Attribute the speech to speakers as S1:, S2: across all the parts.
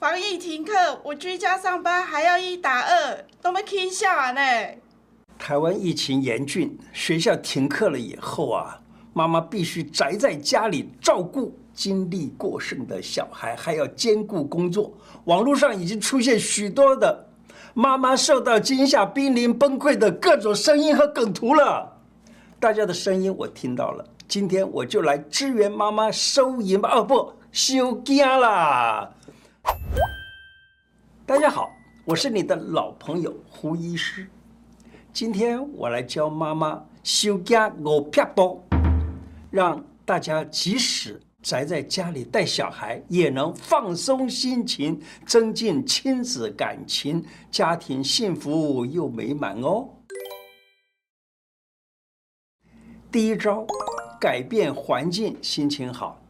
S1: 防疫停課，我居家上班還要一打二，都沒聽下完呢。台灣疫情嚴峻，學校停課了以後啊，媽媽必須宅在家裡照顧精力過剩的小孩，還要兼顧工作。網絡上已經出現許多的媽媽受到驚嚇、瀕臨崩潰的各種聲音和梗圖了。大家的聲音我聽到了，今天我就來支援媽媽收銀，哦、嗯、不，收驚啦。大家好，我是你的老朋友胡醫師。今天我來教媽媽收驚五妙招，讓大家即使宅在家裡帶小孩，也能放鬆心情，增進親子感情，家庭幸福又美滿哦。第一招，改變環境，心情好。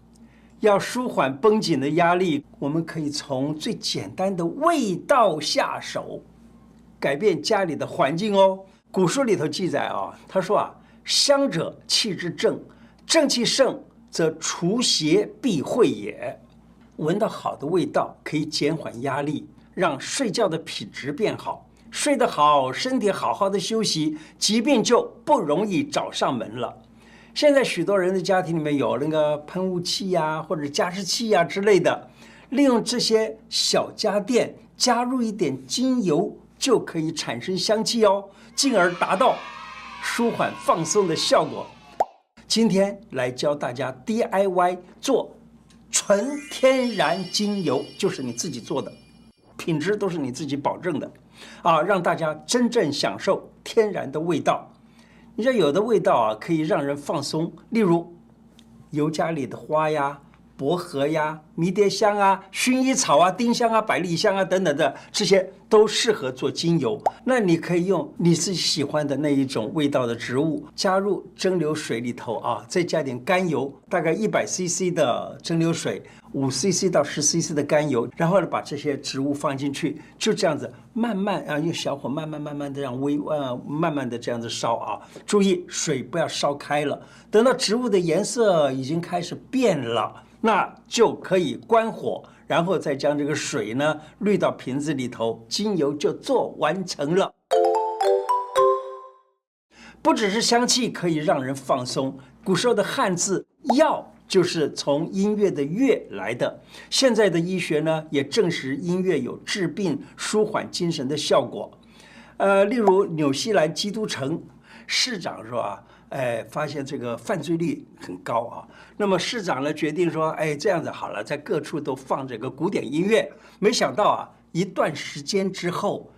S1: 要舒緩繃緊的壓力，我們可以從最簡單的味道下手，改變家裡的環境哦。古書裡頭記載啊，他說啊，香者氣之正，正氣盛則除邪避穢也。聞到好的味道，可以減緩壓力，讓睡覺的品質變好，睡得好，身體好好的休息，疾病就不容易找上門了。現在許多人的家庭裡面有那個噴霧器呀，或者加濕器呀之類的，利用這些小家電加入一點精油，就可以產生香氣哦，進而達到舒緩放鬆的效果。今天來教大家 DIY 做純天然精油，就是你自己做的，品質都是你自己保證的，啊，讓大家真正享受天然的味道。你像有的味道啊，可以讓人放鬆，例如尤加利的花呀、薄荷呀、迷迭香啊、薰衣草啊、丁香啊、百里香啊等等的，這些都適合做精油。那你可以用你自己喜歡的那一種味道的植物，加入蒸餾水裡頭啊，再加點甘油，大概一百 CC 的蒸餾水。五 cc 到十 cc 的甘油，然後呢，把這些植物放進去，就這樣子慢慢啊，用小火慢慢慢慢的這樣微啊，慢慢的這樣子燒啊，注意水不要燒開了，等到植物的顏色已經開始變了，那就可以關火，然後再將這個水呢濾到瓶子裡頭，精油就做完成了。不只是香氣可以讓人放鬆，古時候的漢字“藥”。就是從音樂的“樂”來的。現在的醫學呢，也證實音樂有治病、舒緩精神的效果。呃，例如，紐西蘭基督城市長說啊，哎，發現這個犯罪率很高啊。那麼市長呢，決定說，哎，這樣子好了，在各處都放這個古典音樂。沒想到啊，一段時間之後，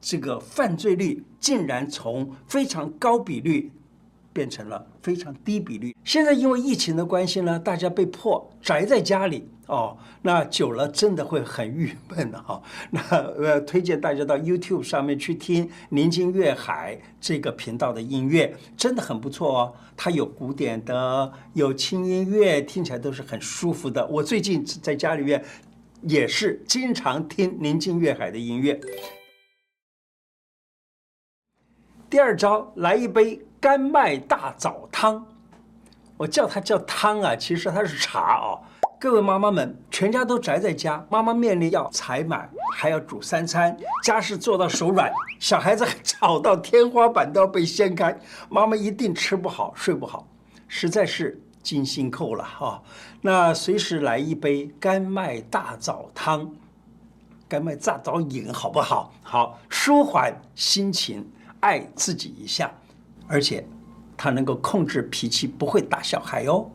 S1: 這個犯罪率竟然從非常高比率。變成了非常低比率。現在因為疫情的關係呢，大家被迫宅在家裡哦，那久了真的會很鬱悶的哦。那我推薦大家到 YouTube 上面去聽寧靜月海這個頻道的音樂，真的很不錯哦。它有古典的，有輕音樂，聽起來都是很舒服的。我最近在家裡面也是經常聽寧靜月海的音樂。第二招，來一杯。甘麥大棗湯，我叫它叫湯啊，其實它是茶啊。各位媽媽們，全家都宅在家，媽媽面臨要採買，還要煮三餐，家事做到手軟，小孩子吵到天花板都要被掀開，媽媽一定吃不好睡不好，實在是精心扣了哈啊。那隨時來一杯甘麥大棗湯，甘麥大棗飲好不好？好，舒緩心情，愛自己一下。而且，他能夠控制脾氣，不會打小孩哦。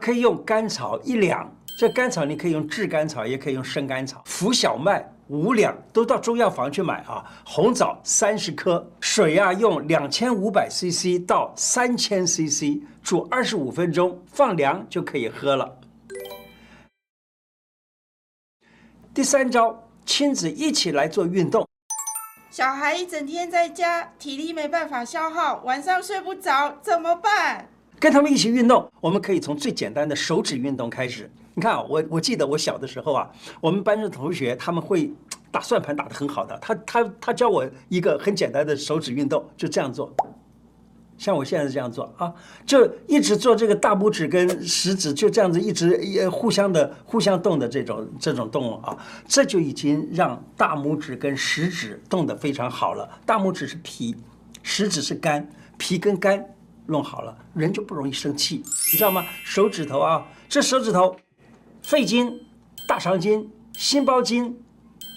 S1: 可以用甘草一兩，這甘草你可以用炙甘草，也可以用生甘草。浮小麥五兩，都到中藥房去買啊。紅棗三十顆，水呀，啊，用兩千五百 CC 到三千 CC，煮二十五分鐘，放涼就可以喝了。第三招，親子一起來做運動。小孩一整天在家，體力沒辦法消耗，晚上睡不着，怎麼辦？跟他們一起運動，我們可以從最簡單的手指運動開始。你看，我我記得我小的時候啊，我們班上同學他們會打算盤打得很好的，他他他教我一個很簡單的手指運動，就這樣做。像我現在這樣做啊，就一直做這個大拇指跟食指就這樣子一直也互相的互相動的這種這種動作啊，這就已經讓大拇指跟食指動得非常好了。大拇指是脾，食指是肝，脾跟肝弄好了，人就不容易生氣，你知道嗎？手指頭啊，這手指頭，肺經、大腸經、心包經、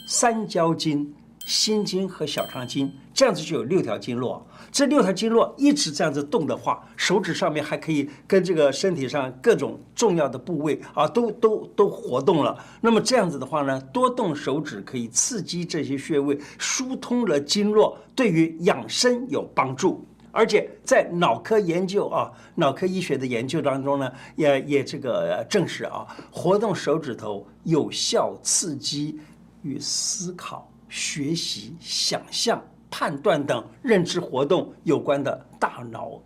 S1: 三焦經、心經和小腸經，這樣子就有六條經絡。這六條經絡一直這樣子動的話，手指上面還可以跟這個身體上各種重要的部位啊，都都都活動了。那麼這樣子的話呢，多動手指可以刺激這些穴位，疏通了經絡，對於養生有幫助。而且在腦科研究啊，腦科醫學的研究當中呢，也也這個證實啊，活動手指頭有效刺激與思考、學習、想象。判斷等認知活動有關的大腦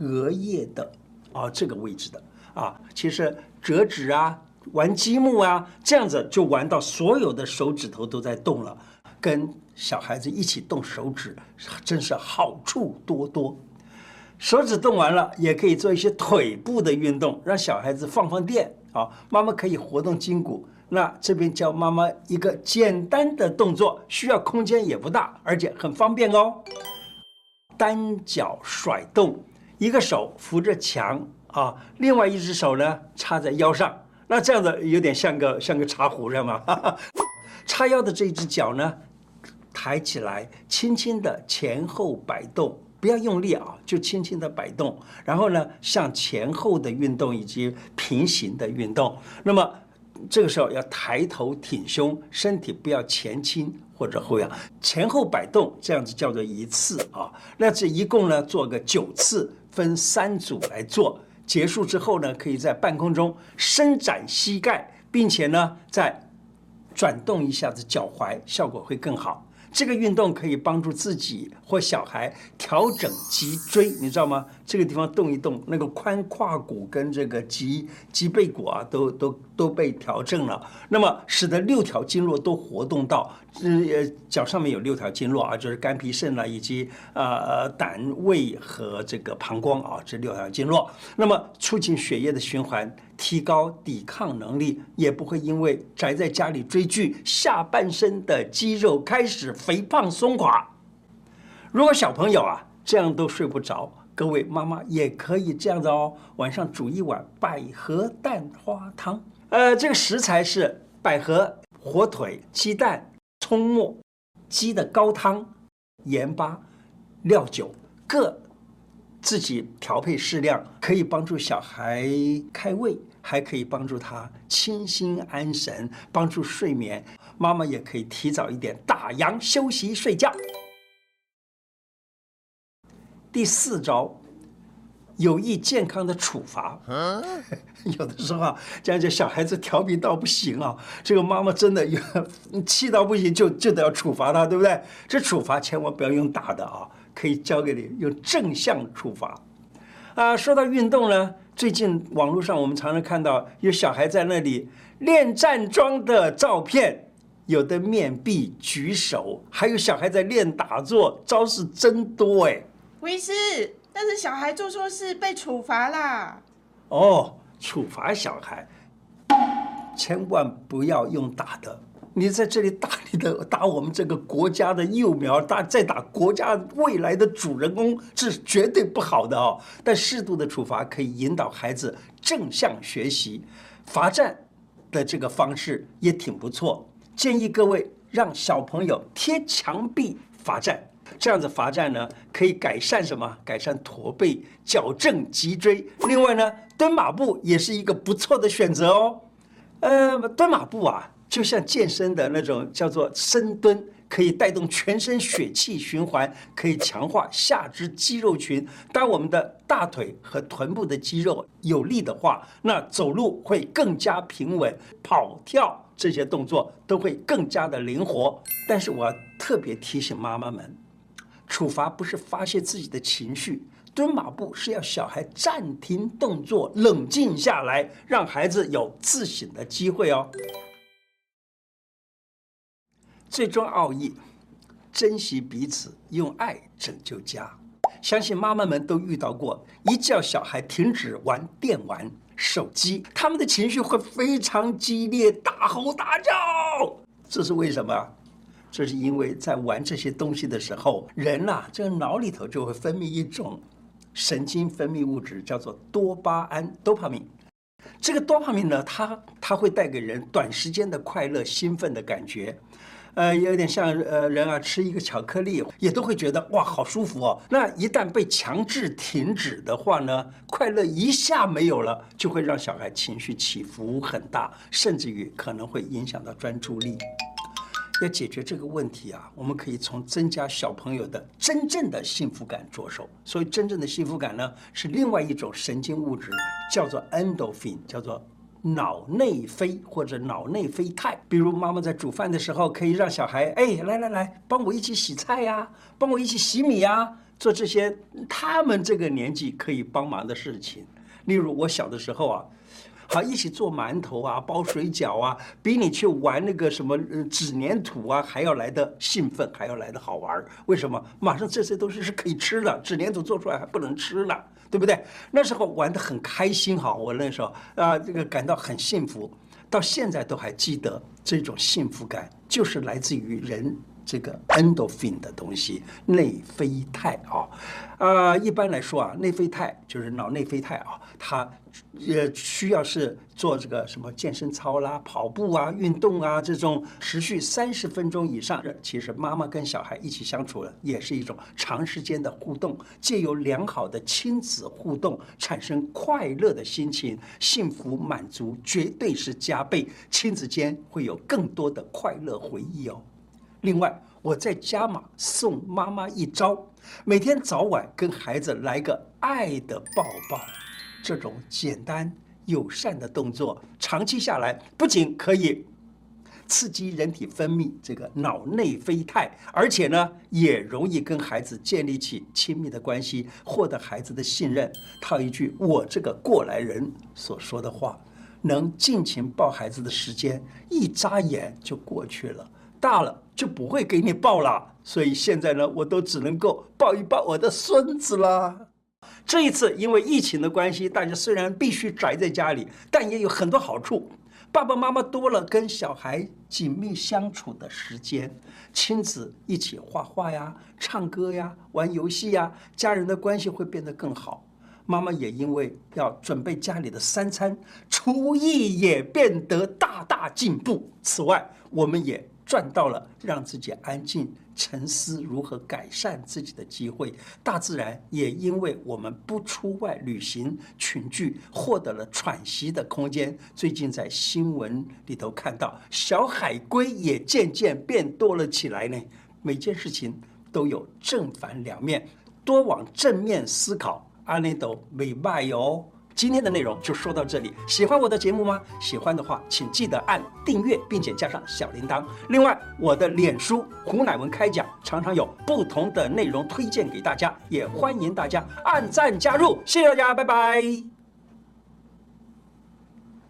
S1: 額葉的啊，這個位置的啊，其實折紙啊、玩積木啊，這樣子就玩到所有的手指頭都在動了。跟小孩子一起動手指，真是好處多多。手指動完了，也可以做一些腿部的運動，讓小孩子放放電啊。媽媽可以活動筋骨。那這邊教媽媽一個簡單的動作，需要空間也不大，而且很方便哦。單腳甩動，一個手扶着牆啊，另外一只手呢插在腰上。那這樣子有點像個像個茶壺，這樣嗎？ 插腰的這一只腳呢，抬起來，輕輕的前後擺動，不要用力啊，就輕輕的擺動。然後呢，向前後的運動以及平行的運動，那麼。這個時候要抬頭挺胸，身體不要前傾或者後仰，前後擺動，這樣子叫做一次啊。那這一共呢，做個九次，分三組來做。結束之後呢，可以在半空中伸展膝蓋，並且呢再轉動一下子腳踝，效果會更好。這個運動可以幫助自己或小孩調整脊椎，你知道嗎？這個地方動一動，那個髖胯骨跟這個脊脊背骨啊，都都都被調整了，那麼使得六條經絡都活動到，呃，腳上面有六條經絡啊，就是肝脾腎啦、啊，以及呃膽胃和這個膀胱啊，這六條經絡，那麼促進血液的循環，提高抵抗能力，也不會因為宅在家裡追劇，下半身的肌肉開始肥胖鬆垮。如果小朋友啊這樣都睡不着。各位媽媽也可以這樣子哦，晚上煮一碗百合蛋花湯。呃，這個食材是百合、火腿、雞蛋、蔥末、雞的高湯、鹽巴、料酒，各自己調配適量，可以幫助小孩開胃，還可以幫助他清心安神，幫助睡眠。媽媽也可以提早一點打烊休息睡覺。第四招，有益健康的處罰。 有的時候、啊，這樣講小孩子調皮到不行啊，這個媽媽真的有氣到不行就，就就得要處罰他，對不對？這處罰千萬不要用打的啊，可以交給你用正向處罰。啊、呃，說到運動呢，最近網絡上我們常常看到有小孩在那裡練站樁的照片，有的面壁舉手，還有小孩在練打坐，招式真多哎。律師，但是小孩做錯事被處罰啦。哦，處罰小孩，千萬不要用打的。你在這裡打你的，打我們這個國家的幼苗，打在打國家未來的主人公，這是絕對不好的哦。但適度的處罰可以引導孩子正向學習，罰站的這個方式也挺不錯。建議各位讓小朋友貼牆壁罰站。這樣子罰站呢，可以改善什麼？改善駝背，矯正脊椎。另外呢，蹲馬步也是一個不錯的選擇哦。呃，蹲馬步啊，就像健身的那種叫做深蹲，可以帶動全身血氣循環，可以強化下肢肌肉群。當我們的大腿和臀部的肌肉有力的話，那走路會更加平穩，跑跳這些動作都會更加的靈活。但是我要特別提醒媽媽們。處罰不是發洩自己的情緒，蹲馬步是要小孩暫停動作，冷靜下來，讓孩子有自省的機會哦。最終奧義，珍惜彼此，用愛拯救家。相信媽媽們都遇到過，一叫小孩停止玩電玩、手機，他們的情緒會非常激烈，大吼大叫。這是為什麼？這是因為在玩這些東西的時候，人啊，這個腦裡頭就會分泌一種神經分泌物質，叫做多巴胺，多帕米。這個多帕米呢，它它會帶給人短時間的快樂、興奮的感覺，呃，有點像呃，人啊吃一個巧克力也都會覺得哇，好舒服哦。那一旦被強制停止的話呢，快樂一下沒有了，就會讓小孩情緒起伏很大，甚至於可能會影響到專注力。要解決這個問題啊，我們可以從增加小朋友的真正的幸福感着手。所以，真正的幸福感呢，是另外一種神經物質，叫做 endorphin，叫做腦內啡或者腦內啡肽。比如，媽媽在煮飯的時候，可以讓小孩，哎，來來來，幫我一起洗菜呀、啊，幫我一起洗米呀、啊，做這些他們這個年紀可以幫忙的事情。例如，我小的時候啊。好，一起做饅頭啊，包水餃啊，比你去玩那個什麼紙粘土啊還要來的興奮，還要來的好玩。為什麼？馬上這些東西是可以吃的，紙粘土做出來還不能吃了，對不對？那時候玩得很開心哈，我那時候啊、呃，這個感到很幸福，到現在都還記得這種幸福感，就是來自於人。這個 endorphin 的東西，內啡肽啊，啊、哦呃，一般來說啊，內啡肽就是腦內啡肽啊，它也需要是做這個什麼健身操啦、跑步啊、運動啊這種持續三十分鐘以上。其實媽媽跟小孩一起相處了，也是一種長時間的互動，借由良好的親子互動，產生快樂的心情、幸福滿足，絕對是加倍。親子間會有更多的快樂回憶哦。另外，我再加碼，送媽媽一招：每天早晚跟孩子來個愛的抱抱。這種簡單友善的動作，長期下來不僅可以刺激人體分泌這個腦內啡肽，而且呢，也容易跟孩子建立起親密的關係，獲得孩子的信任。套一句我這個過來人所說的話：能盡情抱孩子的時間，一眨眼就過去了。大了就不會給你抱了，所以現在呢，我都只能夠抱一抱我的孫子啦。這一次因為疫情的關係，大家雖然必須宅在家裡，但也有很多好處。爸爸媽媽多了跟小孩緊密相處的時間，親子一起畫畫呀、唱歌呀、玩遊戲呀，家人的關係會變得更好。媽媽也因為要準備家裡的三餐，廚藝也變得大大進步。此外，我們也。賺到了，讓自己安靜沉思如何改善自己的機會，大自然也因為我們不出外旅行群聚，獲得了喘息的空間。最近在新聞裡頭看到，小海龜也漸漸變多了起來呢。每件事情都有正反兩面，多往正面思考，阿內斗美拜喲。今天的內容就說到這裡。喜歡我的節目嗎？喜歡的話，請記得按訂閱，並且加上小鈴鐺。另外，我的臉書“胡乃文開講”常常有不同的內容推薦給大家，也歡迎大家按讚加入。謝謝大家，拜拜。